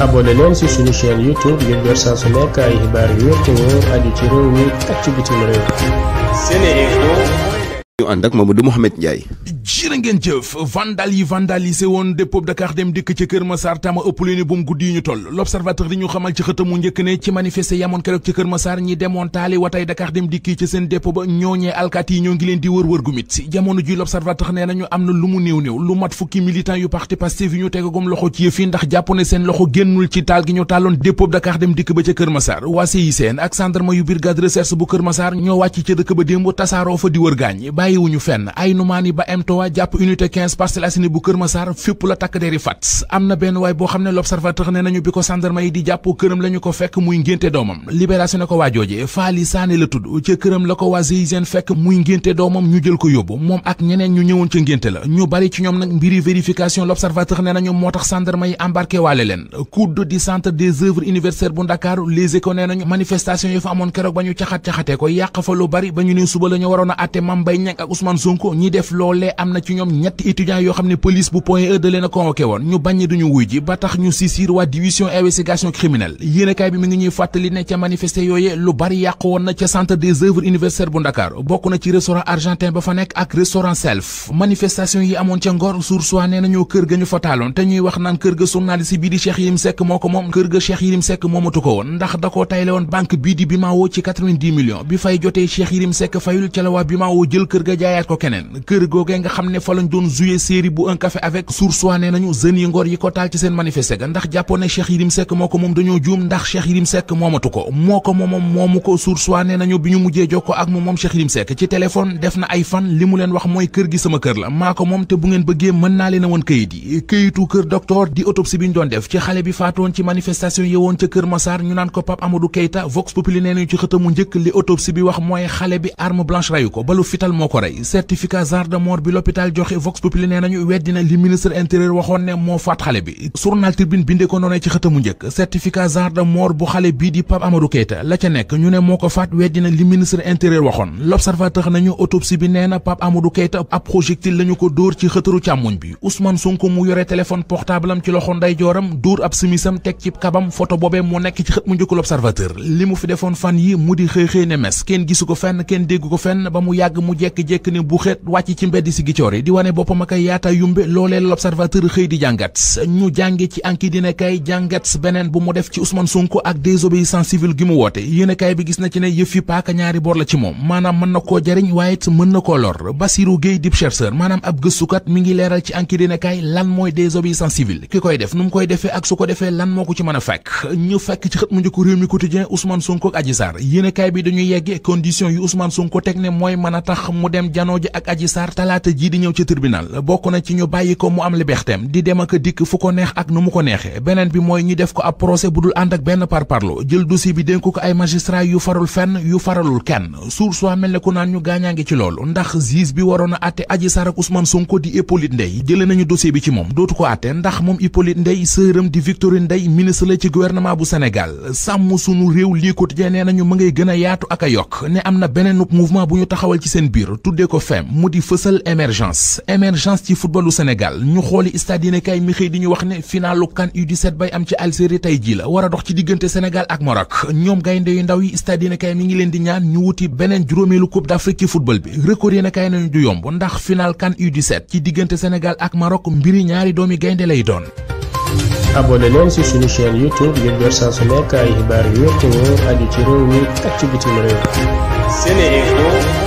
abonné leen ci suñu chaîne YouTube ngir jot saa su nekk ay xibaar yu wér te ci réew mi ak ci bitim réew. Sénéinfo. ñu ànd ak du Mouhamed Ndiaye. jërë ngeen jëf vandal yi vandalisé woon dépôt Dakar dem dikk ci Kër Massar tama ëpp leen ni bu mu guddi yi ñu toll l'observateur di ñu xamal ci xëtam njëkk ne ci manifester yamoon keroog ci Kër Massar ñi demoon taali watay Dakar dem dikk yi ci seen dépôt ba ñooñee alkaati yi ñoo ngi leen di wër wër gu mit jamono ji l'observateur nee nañu am na lu mu néew néew lu mat fukki militant yu parti Pastef yi ñu tegagum loxo ci yëf yi ndax jàpp ne seen loxo génnul ci taal gi ñu tàlloon dépôt Dakar dem dikk ba ca Kër Massar waa CICN ak gendarme Padoa jàpp unité 15 bu Kër Massar fépp la takk deri fat am na benn waay boo xam ne l'observateur ne nañu bi ko sandarma yi di jàpp këram la ko fekk muy ngénte doomam libération ne ko waajooje Faali Saane la tudd ca këram la ko waa GIGN fekk muy ngénte doomam ñu jël ko yóbbu moom ak ñeneen ñu ñëwoon ca ngénte la ñu bari ci ñoom nag mbiri vérification l'observateur ne nañu moo tax sandarma yi embarqué leen COUD di centre des œuvres am na ci ñoom ñetti étudiants yoo xam ne police bu Point E da leen a woon ñu bañ duñu wuy ji ba tax ñu saisir waa division investigation criminelle yéenekaay bi mi ngi ñuy fàttali ne ca manifesté yooye lu bari yàqu woon na ca centre des œuvres universitaires bu Ndakaar bokk na ci restaurant argentin ba fa nekk ak restaurant self manifestation yi amoon ca Ngor sursoi nee nañu kër ga ñu fa taaloon te ñuy wax naan kër ga journaliste bii di Cheikh xam ne fa lañ doon jouer série bu un café avec sursoi ne nañu jeunes yi ngor yi ko taal ci seen manifester ga ndax jàppoon ne Cheikh Yérim Seck moo ko moom dañoo juum ko moo ko moomoom moomu ko sursoi nañu bi ñu mujjee jokkoo ak moom moom Cheikh Yérim Seck ci téléphone def na ay fan li mu leen wax mooy kër gi sama kër la maa ko moom te bu ngeen bëggee mën naa leen a woon kayit yi kayitu kër docteur di autopsie bi ñu doon def ci xale bi faatoon ci manifestation yewoon ca kër Massar ñu naan ko Pape Amadou Keita Vox Populi nee nañu ci xëtamu njëkk li autopsie bi wax mooy xale bi arme ko balu fital moo ko rey certificat l'hôpital joxe Vox Populi nee nañu weddina li ministre intérieur waxoon ne moo faat xale bi journal Tribune bindee ko noonee ci xëtamu njëkk certificat genre de bu xale bii di Pape Amadou Keita la ca nekk ñu ne moo ko faat weddina li ministre intérieur waxoon l'observateur nañu autopsie bi nee na Pape Amadou Keita ab projectile lañu ko dóor ci xëtaru càmmoñ bi Ousmane Sonko mu yore téléphone portable ci loxo ndeyjooram dóor ab simisam teg ci kabam photo moo nekk ci xët mu njëkk l'observateur li mu fi defoon fan yi mu di xëy ko fenn kenn ba mu mu jekk-jekk ne coore di wane boppam ak ay yaata yumbe loolee l'observateur xëy di jàngat ñu jànge ci anki dina jàngat beneen bu mu def ci Ousmane Sonko ak désobéissance civile gi mu woote yéene kaay bi gis na ci ne yëf yi paaka ñaari bor la ci moom maanaam mën na ko jariñ waaye it mën na koo lor Basirou Gueye dib chercheur maanaam ab gëstukat mi ngi leeral ci anki dina kay lan mooy désobéissance civile ki koy def nu mu koy defee ak su ko defee lan moo ko ci mën a fekk ñu fekk ci xët mu njëkk réew kaay bi dañuy yeggee condition yu Ousmane Sonko teg ne mooy mën a tax mu dem janoo ji ak Adji jii di ñëw ci tribunal bokk na ci ñu bàyyi ko mu am libertéem di dem ak dikk fu ko neex ak nu mu ko neexee beneen bi mooy ñu def ko ab procès bu dul ànd ak benn parparlo jël dossier bi dénk ko ay magistrat yu farul fenn yu faralul kenn source waa mel ne ku naan ñu gaañaa ngi ci loolu ndax juge bi waroon a àtte Adji Sarr ak Ousmane Sonko di Hippolyte Ndeye jëlee nañu dossier bi ci moom dootu ko àtte ndax moom Hippolyte Ndeye sëram di Victorine Ndeye ministre la ci gouvernement bu Sénégal sàmm sunu réew lii quotidien nee nañu mu ngay gën a yaatu ak a yokk am na beneen mouvement bu ñu taxawal ci seen biir tuddee ko FEM émergence émergence ci footballu senegal ñu xooli stade yéene kaay mi xëy di ñu wax ne finalu CAN U17 bay am ci Algérie tey jii la war dox ci diggante Sénégal ak Maroc ñoom gaynde yu ndaw yi stade yéene kaay mi ngi leen di ñaan ñu wuti beneen juróomeelu coupe d'Afrique ci football bi record yéene kaay nañu du yomb ndax final CAN u ci diggante Sénégal ak Maroc mbiri ñaari doomi gaynde lay doon abonné leen ci suñu chaîne YouTube ngir jot saa su nekk ay xibaar yu mi ak ci